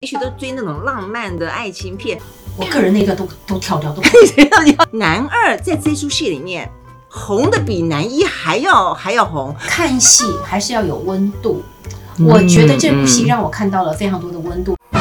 也許都追那種浪漫的愛情片，我個人那段都都跳掉，都跳掉。 男二在這出戲裡面紅的比男一還要還要紅，看戲還是要有溫度。嗯，我覺得這部戲讓我看到了非常多的溫度。嗯嗯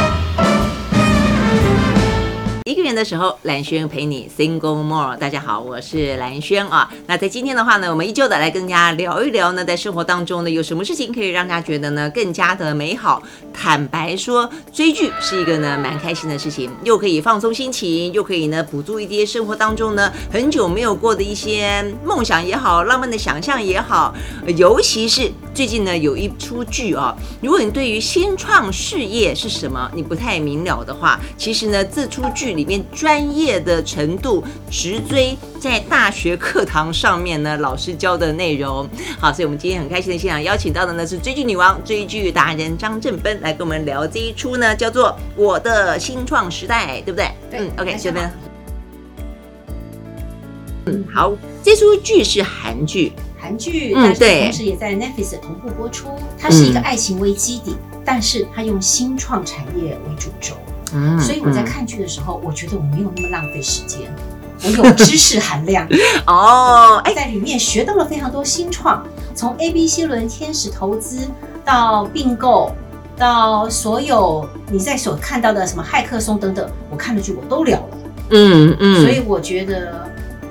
一個人的時候，蘭萱陪你。Single More，大家好，我是蘭萱啊。那在今天的話呢，我們依舊的來跟大家聊一聊呢，在生活當中呢，有什麼事情可以讓大家覺得呢更加的美好坦白說，追劇是一個呢蠻開心的事情，又可以放鬆心情，又可以呢補助一些生活當中呢很久沒有過的一些夢想也好，浪漫的想象也好。呃、尤其是最近呢有一出劇啊，如果你對於新創事業是什麼你不太明了的話，其實呢這出劇。裡面專業的程度直追在大學課堂上面呢，老師教的內容。好，所以我們今天很開心的現場邀請到的呢是追劇女王、追劇達人張正芬來跟我們聊這一出呢，叫做《我的新創時代》，對不對？對。嗯，OK，這邊。嗯，好，這出劇是韓劇。韓劇，嗯，對。但是同時也在 Netflix 同步播出。嗯。它是一個愛情為基底，嗯、但是它用新創產業為主軸。嗯、所以我在看劇的時候、嗯，我覺得我沒有那麼浪費時間，我有知識含量哦。 在裡面學到了非常多新創，從 A B C 輪天使投資到併購，到所有你在所看到的什麼駭客松等等，我看的劇我都聊了。嗯嗯，所以我覺得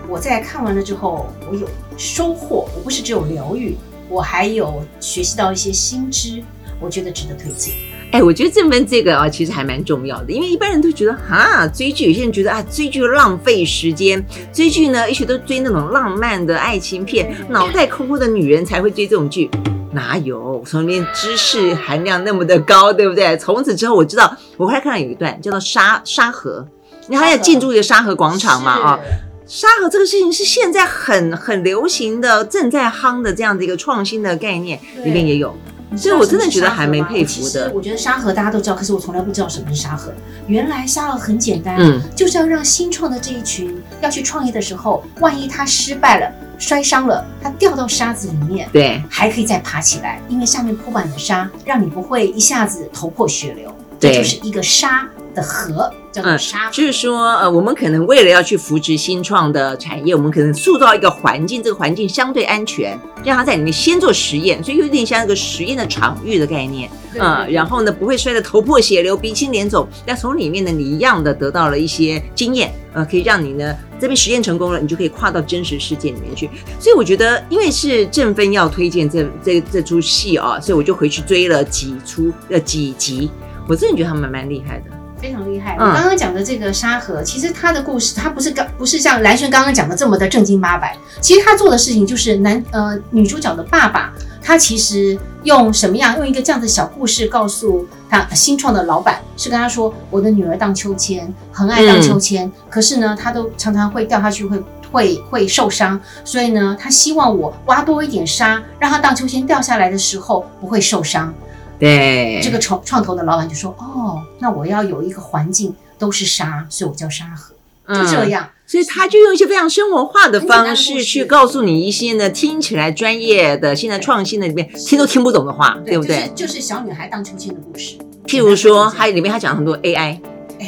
我在看完了之後，我有收穫，我不是只有療癒，我還有學習到一些新知，我覺得值得推薦。哎，我覺得這份這個啊、哦，其實還蠻重要的，因為一般人都覺得啊，追劇，有些人覺得啊，追劇浪費時間。追劇呢，也許都追那種浪漫的愛情片，嗯、腦袋空空的女人才會追這種劇，哪有？從裡面知識含量那麼的高，對不對？從此之後，我知道，我還看到有一段叫做沙《沙沙河》，你還要進駐一個沙河廣場嘛。啊、哦，沙河這個事情是現在很很流行的，正在夯的這樣的一個創新的概念，裡面也有。所以我真的覺得還蠻佩服的。我覺得沙盒大家都知道，可是我從來不知道什麼是沙盒。原來沙盒很簡單、嗯，就是要讓新創的這一群要去創業的時候，萬一他失敗了、摔傷了、他掉到沙子裡面，對，還可以再爬起來，因為下面鋪滿了沙，讓你不會一下子頭破血流。對，就是一個沙。的河叫做沙，嗯，就是說，呃，我們可能為了要去扶持新創的產業，我們可能塑造一個環境，這個環境相對安全，讓他在裡面先做實驗，所以有點像一個實驗的場域的概念，嗯，對對對對，然後呢，不會摔得頭破血流，鼻青臉腫，但從裡面呢，你一樣的得到了一些經驗，呃，可以讓你呢這邊實驗成功了，你就可以跨到真實世界裡面去。所以我覺得，因為是正芬要推薦這這這出戲哦，所以我就回去追了幾出呃幾集，我真的覺得他們蠻厲害的。非常厲害！我剛剛講的這個沙盒，嗯、其實它的故事，它不是剛不是像蘭萱剛剛講的這麼的正經八百。其實他做的事情就是男呃女主角的爸爸，他其實用什麼樣用一個這樣的小故事告訴他新創的老闆，是跟他說：“我的女兒盪秋千，很愛盪秋千，可是呢，她都常常會掉下去會，會會會受傷。所以呢，他希望我挖多一點沙，讓他盪秋千掉下來的時候不會受傷。”對，這個創創投的老闆就說：“哦，那我要有一個環境都是沙，所以我叫沙盒。”就這樣、嗯，所以他就用一些非常生活化的方式的去告訴你一些呢，聽起來專業的、現在創新的裡面聽都聽不懂的話，對，對不對？就是，就是小女孩盪秋千的故事。譬如說，還有裡面他講很多 AI，AI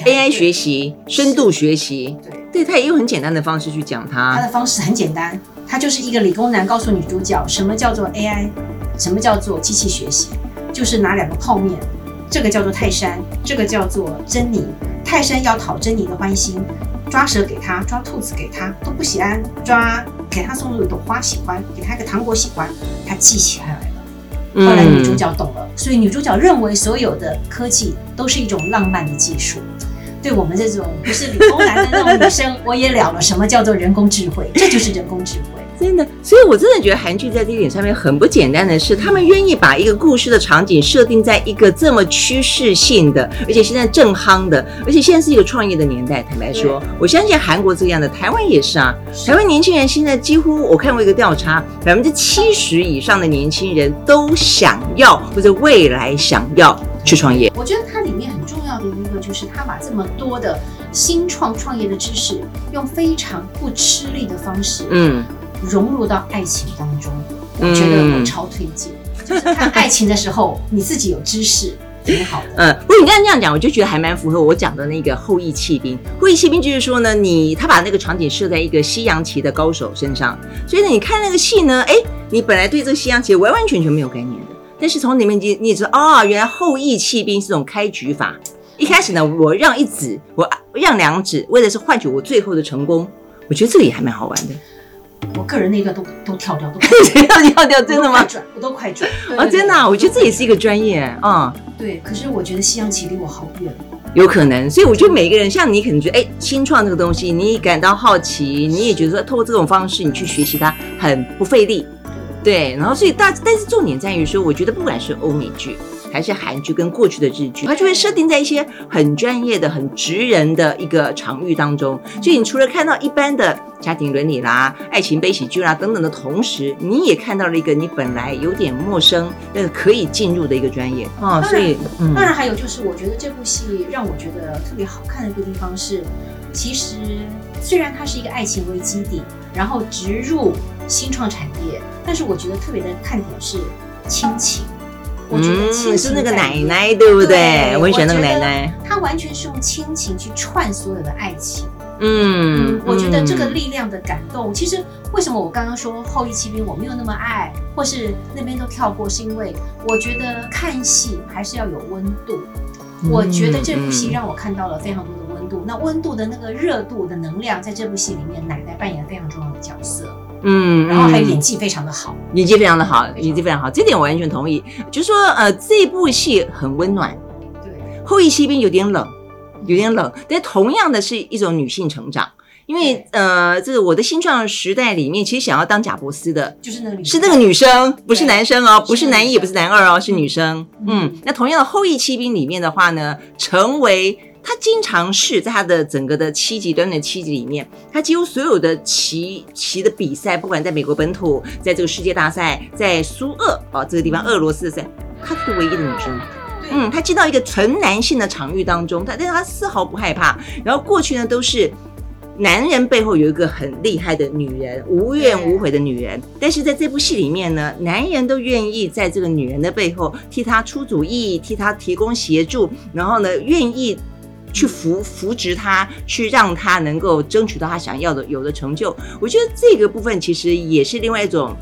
AI AI 學習、深度學習，對對，他也用很簡單的方式去講它。它的方式很簡單，它就是一個理工男告訴女主角什麼叫做 AI，什麼叫做機器學習。就是拿兩個泡麵，這個叫做泰山，這個叫做珍妮。泰山要討珍妮的歡心，抓蛇給他，抓兔子給他都不喜歡抓，抓給他送一朵花喜歡，給他一個糖果喜歡，他記起來了。後來女主角懂了，所以女主角認為所有的科技都是一種浪漫的技術。對我們這種不是理工男的那種女生，我也了了什麼叫做人工智慧，這就是人工智慧。真的，所以我真的覺得韓劇在這一點上面很不簡單的是，他們願意把一個故事的場景設定在一個這麼趨勢性的，而且現在正夯的，而且現在是一個創業的年代。坦白說，我相信韓國這樣的，台灣也是啊。是台灣年輕人現在幾乎我看過一個調查，百分之七十以上的年輕人都想要或者未來想要去創業。我覺得它裡面很重要的一個就是，他把這麼多的新創創業的知識用非常不吃力的方式，嗯。融入到愛情當中，我覺得我超推薦、嗯。就是看愛情的時候， 你自己有知識挺好的。嗯，不過你剛才那樣講，我就覺得還蠻符合我講的那個後翼棄兵。後翼棄兵就是說呢，你他把那個場景設在一個西洋棋的高手身上，所以呢，你看那個戲呢，哎、欸，你本來對這個西洋棋完完全全沒有概念的，但是從裡面你你知道、哦、原來後翼棄兵是種開局法。一開始呢，okay. 我讓一子，我讓兩子，為的是換取我最後的成功。我覺得這個也還蠻好玩的。我個人那一段都都跳掉，都快 跳掉。真的嗎？我都快轉啊、哦！真的、啊，我覺得這也是一個專業啊、嗯。對，可是我覺得西洋棋離我好遠。有可能，所以我覺得每個人像你，可能覺得哎，新創這個東西，你感到好奇，你也覺得說通過這種方式你去學習它很不費力。對，然後所以大，但是重點在於說，我覺得不管是歐美劇還是韓劇跟過去的日劇，它就會設定在一些很專業的、很職人的一個場域當中。嗯、所以你除了看到一般的。家庭倫理啦，愛情悲喜劇啦等等的同時，你也看到了一個你本來有點陌生，但是可以進入的一個專業哦，所以、嗯當，當然還有就是，我覺得這部戲讓我覺得特別好看的一個地方是，其實雖然它是一個愛情為基底，然後植入新創產業，但是我覺得特別的看點是親情。我覺得親情，你、嗯、是那個奶奶，對不對？對對我選那個奶奶，她完全是用親情去串所有的愛情。嗯，嗯，我覺得這個力量的感動。嗯、其實為什麼我剛剛說《後翼棄兵》我沒有那麼愛，或是那邊都跳過，是因為我覺得看戲還是要有溫度。嗯、我覺得這部戲讓我看到了非常多的溫度，嗯、那溫度的那個熱度的能量在這部戲裡面，奶奶扮演非常重要的角色。嗯，然後還有演技非常的好，演、嗯、技非常的好，演技非、非、非常好，這點我完全同意。就是、說呃，這部戲很溫暖，對，《後翼棄兵》有點冷。有點冷，但同樣的是一種女性成長，因為呃，這個我的新創時代裡面，其實想要當賈伯斯的，就是那個女，是那個女生，不是男生哦，不是男一是也不是男二哦，是女生。嗯，嗯嗯，那同樣的後翼棄兵裡面的話呢，成為她經常是在她的整個的七集，短短七集裡面，她幾乎所有的棋棋的比賽，不管在美國本土，在這個世界大賽，在蘇俄哦這個地方俄羅斯的賽，她、嗯、是唯一的女生。嗯，他進到一個純男性的場域當中，他但是他絲毫不害怕。然後過去呢，都是男人背後有一個很厲害的女人，無怨無悔的女人。Yeah. 但是在這部戲裡面呢，男人都願意在這個女人的背後替她出主意，替她提供協助，然後呢，願意去扶扶植她，去讓她能夠爭取到她想要的、有的成就。我覺得這個部分其實也是另外一種。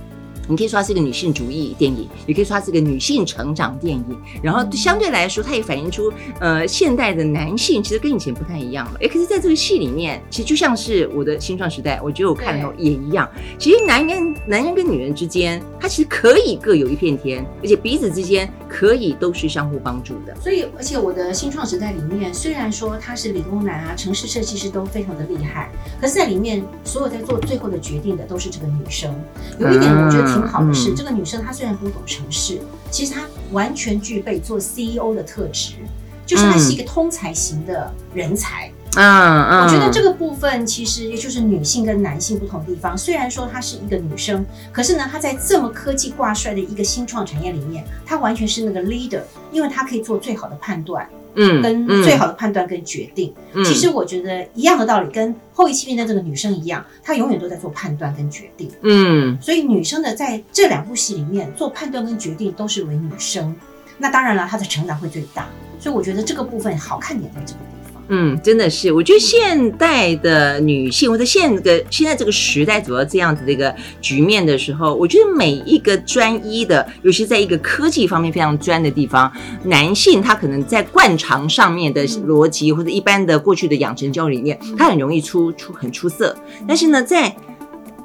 你可以說它是一個女性主義電影，也可以說它是一個女性成長電影。然後相對來說，它也反映出，呃，現代的男性其實跟以前不太一樣了。誒可是在這個戲裡面，其實就像是我的《新創時代》，我覺得我看到也一樣。其實男人、男人跟女人之間，他其實可以各有一片天，而且彼此之間可以都是相互幫助的。所以，而且我的《新創時代》裡面，雖然說他是理工男啊，城市設計師都非常的厲害，可是在裡面所有在做最後的決定的都是這個女生。有一點，我覺得。很好的是，嗯，這個女生她雖然不懂程式，其實她完全具備做 CEO 的特質，就是她是一個通才型的人才。嗯嗯，我覺得這個部分其實也就是女性跟男性不同的地方。雖然說她是一個女生，可是呢，她在這麼科技掛帥的一個新創產業裡面，她完全是那個 leader，因為她可以做最好的判斷。嗯，跟最好的判斷跟決定、嗯，其實我覺得一樣的道理，跟後翼棄兵裡面的這個女生一樣，她永遠都在做判斷跟決定，嗯，所以女生的在這兩部戲裡面做判斷跟決定都是為女生，那當然了，她的成長會最大，所以我覺得這個部分好看點在這個地方。嗯，真的是，我覺得現代的女性，或者現、這個現在這個時代，主要這樣子的一個局面的時候，我覺得每一個專一的，尤其在一個科技方面非常專的地方，男性他可能在慣常上面的邏輯，或者一般的過去的養成教育裡面，他很容易出出很出色，但是呢，在。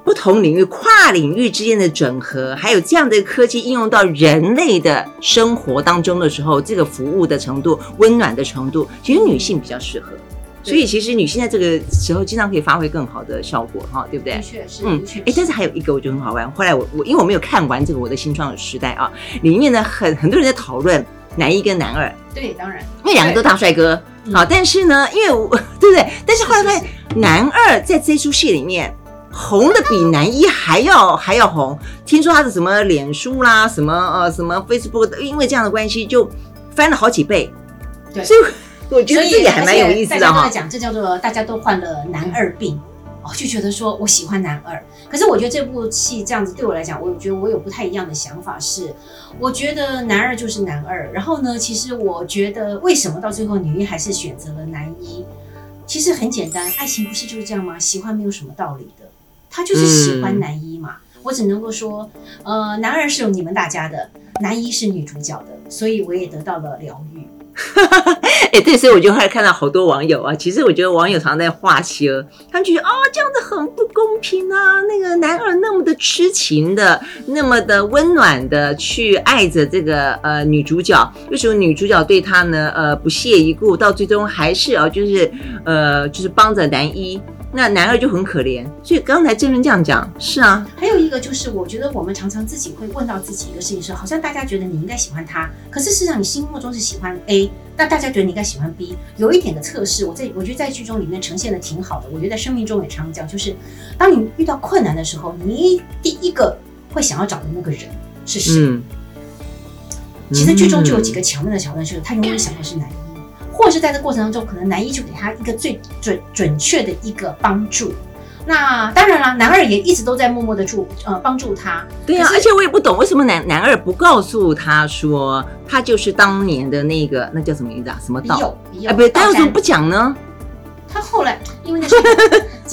不同領域、跨領域之間的整合，還有這樣的科技應用到人類的生活當中的時候，這個服務的程度、溫暖的程度，其實女性比較適合、嗯。所以，其實女性在這個時候經常可以發揮更好的效果，哈，對不對？的、嗯、確，是。嗯，確實，哎、欸，但是還有一個，我覺得很好玩。後來我我因為我沒有看完這個《我的新創時代》啊，裡面呢很很多人在討論男一跟男二，對，當然，因為兩個都大帥哥。好、嗯，但是呢，因為我、嗯、對不對，對？但是後來發現，男二在這出戲裡面。紅的比男一還要還要紅，聽說他是什麼臉書啦，什麼呃什麼 Facebook，因為這樣的關係就翻了好幾倍。對，所以我覺得這也還蠻有意思的，大家都在講，哦，這叫做大家都患了男二病，哦，就覺得說我喜歡男二。可是我覺得這部戲這樣子對我來講，我覺得我有不太一樣的想法是，是我覺得男二就是男二。然後呢，其實我覺得為什麼到最後女一還是選擇了男一，其實很簡單，愛情不是就是這樣嗎？喜歡沒有什麼道理的。他就是喜歡男一嘛，嗯，我只能夠說，呃，男二是有你們大家的，男一是女主角的，所以我也得到了療癒。哎， 欸，這時候我就還看到好多網友啊，其實我覺得網友常在畫皮哦，他們就覺得啊，哦，這樣子很不公平啊，那個男二那麼的痴情的，那麼的溫暖的去愛着這個呃女主角，為什麼女主角對他呢呃不屑一顧，到最終還是哦，啊，就是呃就是幫着男一。那男二就很可憐，所以剛才正芬這樣講，是啊。還有一個就是，我覺得我們常常自己會問到自己一個事情，是好像大家覺得你應該喜歡他，可是事實上你心目中是喜歡 A，那大家覺得你應該喜歡 B。有一點的測試，我在我覺得在劇中裡面呈現的挺好的，我覺得在生命中也常講，就是當你遇到困難的時候，你第一個會想要找的那個人是誰？嗯，其實劇中就有幾個巧妙的橋段，就是他永遠想的是男人。或者是在這個過程當中，可能男一就給他一個最準準確的一個幫助。那當然了，男二也一直都在默默的助呃、幫助他。對呀，啊。而且我也不懂為什麼男男二不告訴他說他就是當年的那個那叫什麼名字啊？什麼道理？必有，必有。哎，不對，他為什麼不講呢？他後來因為那是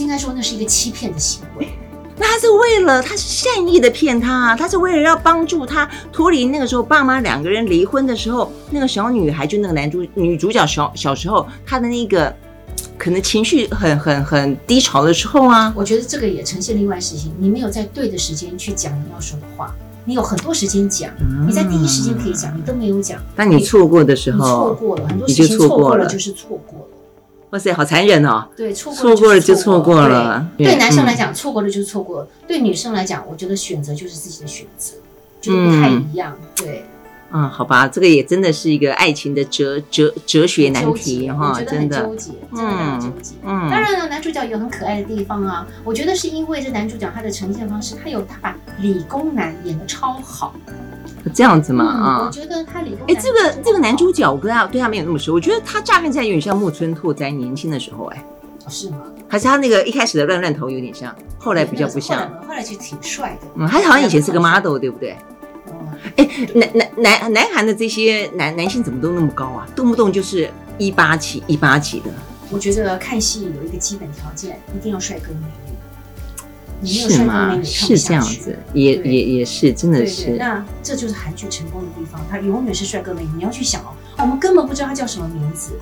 應該說，那是一個欺騙的行為。那他是為了他是善意的騙他。啊，他是為了要幫助他脫離那個時候爸媽兩個人離婚的時候，那個小女孩，就那個男主女主角小小時候，她的那個可能情緒很很很低潮的時候啊。我覺得這個也呈現另外事情，你沒有在對的時間去講你要說的話，你有很多時間講，嗯、你在第一時間可以講，你都沒有講，但你錯過的時候，哎、你錯過了很多事情，錯過了，就，錯過了就是錯過了。哇塞，好殘忍哦！對，錯過了就錯過了，錯過了，錯過了對。對男生來講，錯過了就錯過；對女生來講，我覺得選擇就是自己的選擇，就不太一樣。嗯、對。嗯，好吧，這個也真的是一個愛情的哲哲哲學難題哈，真的很糾結，真的很糾結。當然了，男主角有很可愛的地方啊、嗯，我覺得是因為這男主角他的呈現方式，他有他把理工男演的超好的，這樣子嘛啊、嗯？我覺得他理工哎、嗯，這個這個男主角我跟他對他沒有那麼熟，嗯、我覺得他乍看起來有點像木村拓哉年輕的時候哎、哦，是嗎？還是他那個一開始的亂亂頭有點像，後來比較不像，後來其實挺帥的，嗯，他好像以前是個 model，對不對？哎，南南南南韓的這些男男性怎麼都那麼高啊？動不動就是一八幾一八幾的。我覺得看戲有一個基本條件，一定要帥哥美女。你沒有帥哥美女，是嗎？看不下去？是這樣子，也也也是，真的是對對。那這就是韓劇成功的地方，他永遠是帥哥美女。你要去想哦，我們根本不知道他叫什麼名字。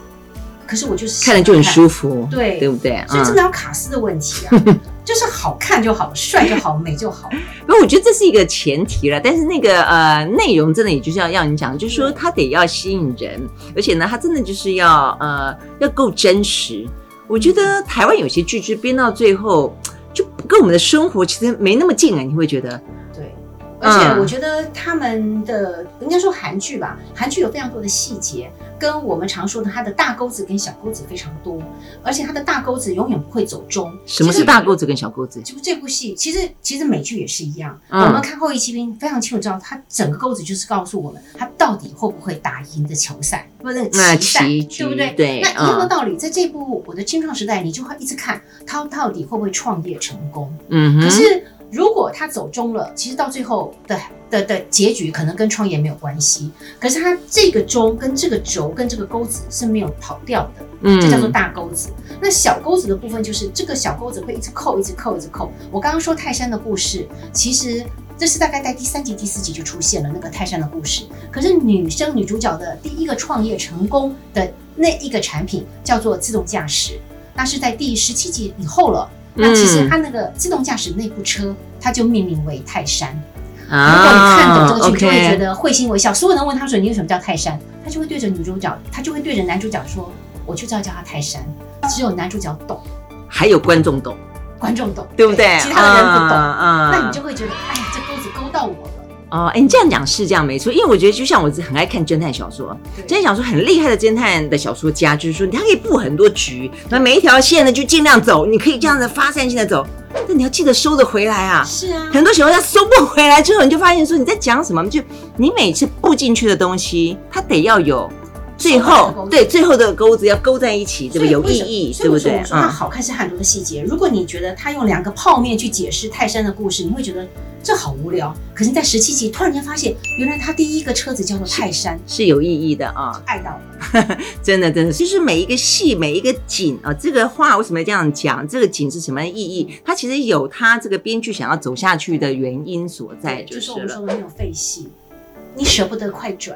可是我就是看，看了就很舒服，對，對不對？所以真的要卡司的問題啊、嗯，就是好看就好， 帥就好，美就好。那我覺得這是一個前提了，但是那個呃內容真的也就是要要你講，就是說它得要吸引人，而且呢，它真的就是要呃要夠真實。我覺得台灣有些劇劇編到最後，就跟我們的生活其實沒那麼近啊，你會覺得。而且我覺得他們的、嗯，應該說韓劇吧，韓劇有非常多的細節，跟我們常說的它的大鈎子跟小鈎子非常多，而且它的大鈎子永遠不會走中。什麼是大鈎子跟小鈎子？其實這就這部戲，其實其實美劇也是一樣。嗯、我們看《後翼棄兵》，非常清楚知道它整個鈎子就是告訴我們它到底會不會打贏的球賽，或者那個棋賽，對不對？對、嗯。那一樣的道理，在這部《我的青創時代》，你就會一直看他、嗯、到底會不會創業成功。嗯，可是。他走中了，其實到最後的的的，的結局可能跟創業沒有關係，可是他這個中跟這個軸跟這個鈎子是沒有跑掉的，嗯，這叫做大鈎子。那小鈎子的部分就是這個小鈎子會一直扣，一直扣，一直扣。我剛剛說泰山的故事，其實這是大概在第三集、第四集就出現了那個泰山的故事。可是女生女主角的第一個創業成功的那一個產品叫做自動駕駛，那是在第十七集以後了。嗯、那其實他那個自動駕駛那部車，他就命名為泰山。如、啊、果你看懂這個劇，你就會覺得會心微笑。哦，okay、所有人問他說：“你為什麼叫泰山？”他就會對着女主角，他就會對着男主角說：“我就知道叫他泰山。”只有男主角懂，還有觀眾懂，觀眾懂，對不對？對其他的人不懂、啊。那你就會覺得，哎呀，這鈎子鈎到我了。哦，哎、欸，你這樣講是這樣沒錯，因為我覺得就像我很愛看偵探小說，偵探小說很厲害的偵探的小說家，就是說它可以布很多局，那每一條線呢就盡量走，你可以這樣子發散性的走，但你要記得收得回來啊。是啊，很多時候他收不回來之後，你就發現說你在講什麼，就你每次布進去的東西，它得要有最後對，對最後的鈎子要勾在一起，這個有意義，對不對？它好看是很多的細節、嗯，如果你覺得他用兩個泡麵去解釋泰山的故事，你會覺得。這好無聊，可是，在十七集突然間發現，原來他第一個車子叫做泰山，是，是有意義的啊！愛到了， 真的，真的，就是每一個戲，每一個景啊，這個話為什麼要這樣講？這個景是什麼意義？它其實有它這個編劇想要走下去的原因所在就，就是我們說的那種廢戲，你捨不得快轉。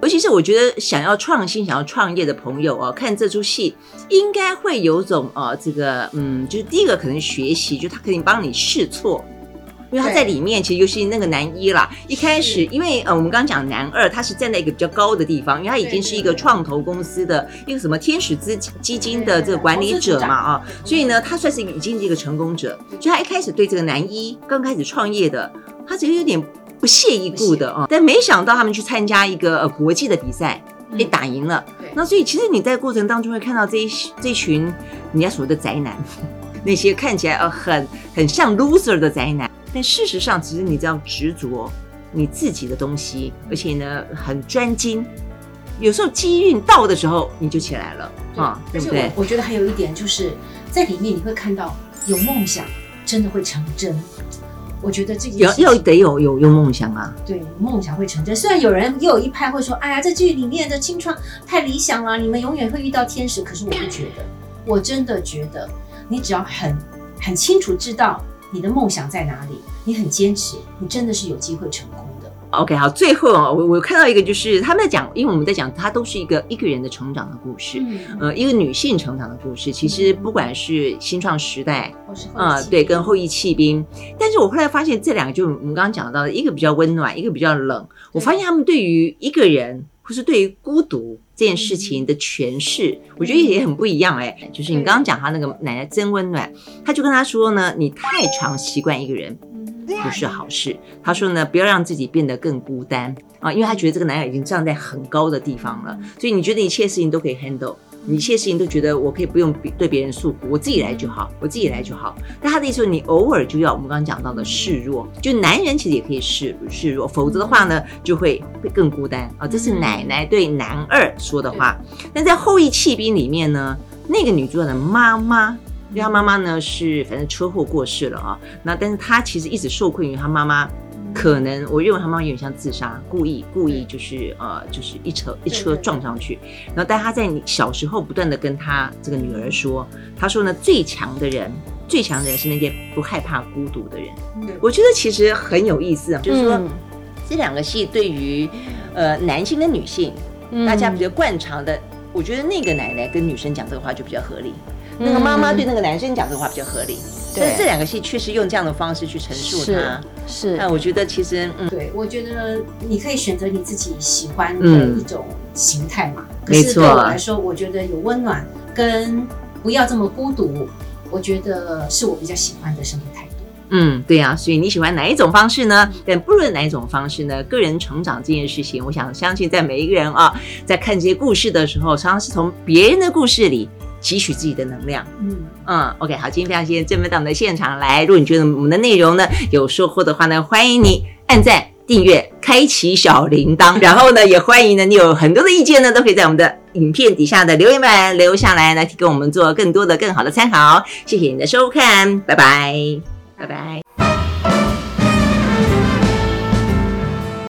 尤其是我覺得，想要創新、想要創業的朋友哦、啊。看這出戲，應該會有種啊，這個嗯，就是第一個可能學習，就他可以幫你試錯。因為他在裡面其實就是那個男一啦。一開始，因為呃，我們剛剛講男二，他是站在一個比較高的地方，因為他已經是一個創投公司的一個什麼天使資基金的這個管理者嘛啊，所以呢，他算是已經是一個成功者。所以他一開始對這個男一剛開始創業的，他只是有點不屑一顧的啊。但沒想到他們去參加一個國際的比賽，被打贏了。那所以其實你在過程當中會看到這一這群人家所謂的宅男，那些看起來呃很很像 loser 的宅男。但事實上，其實你這樣執着你自己的東西，而且呢很專精，有時候機運到的時候你就起來了啊，哦，對不對？我，我覺得還有一點就是在裡面你會看到有夢想真的會成真。我覺得這要要得有有有夢想啊。對，夢想會成真。雖然有人又有一派會說，哎呀，這劇裡面的青春太理想了，你們永遠會遇到天使。可是我不覺得，我真的覺得你只要很很清楚知道。你的夢想在哪裡？你很堅持，你真的是有機會成功的。OK，好，最後啊、哦，我我看到一個，就是他們在講，因為我們在講，它都是一個一個人的成長的故事，嗯、呃，一個女性成長的故事。其實不管是新創時代，嗯呃、我是後對，跟後翼棄兵，但是我後來發現這兩個，就我們剛剛講到的，一個比較溫暖，一個比較冷。我發現他們對於一個人。可是對於孤獨這件事情的詮釋，我覺得也很不一樣哎、欸。就是你剛剛講他那個奶奶真溫暖，他就跟他說呢：“你太常習慣一個人，不是好事。”他說呢：“不要讓自己變得更孤單啊，因為他覺得這個奶奶已經站在很高的地方了，所以你覺得一切事情都可以 handle。”你一切事情都覺得我可以不用對別人訴苦，我自己來就好，我自己來就好。但他的意思說，你偶爾就要我們剛剛講到的示弱，就男人其實也可以示示弱，否則的話呢，就會會更孤單啊、哦。這是奶奶對男二說的話。那、嗯、在《後翼棄兵》裡面呢，那個女主角的媽媽，她媽媽呢是反正車禍過世了啊、哦。那但是她其實一直受困於她媽媽。可能我認為他媽媽有點像自殺，故意故意就是呃就是一車一車撞上去。對對對，然後但他在你小時候不斷的跟他這個女兒說，他說呢最強的人最強的人，是那些不害怕孤獨的人。對，我覺得其實很有意思啊，就是說、嗯、這兩個戲對於呃男性跟女性、嗯，大家比較慣常的，我覺得那個奶奶跟女生講這個話就比較合理，嗯、那個媽媽對那個男生講這個話比較合理。嗯嗯所以這兩個戲確實用這樣的方式去陳述它，是。那我覺得其實、嗯，對，我覺得你可以選擇你自己喜歡的一種形態嘛、嗯。可是對我來說，啊、我覺得有溫暖跟不要這麼孤獨，我覺得是我比較喜歡的生活態度。嗯，對啊。所以你喜歡哪一種方式呢？但不論哪一種方式呢，個人成長這件事情，我想相信在每一個人啊，在看這些故事的時候，常常是從別人的故事裡。汲取自己的能量。嗯嗯，OK，好，今天非常謝謝正芬到我們的現場來。如果你覺得我們的內容呢有收穫的話呢，歡迎你按讚、訂閱、開啟小鈴鐺。然後呢，也歡迎呢你有很多的意見呢，都可以在我們的影片底下的留言板留下來呢，來提供我們做更多的、更好的參考。謝謝你的收看，拜拜，拜拜。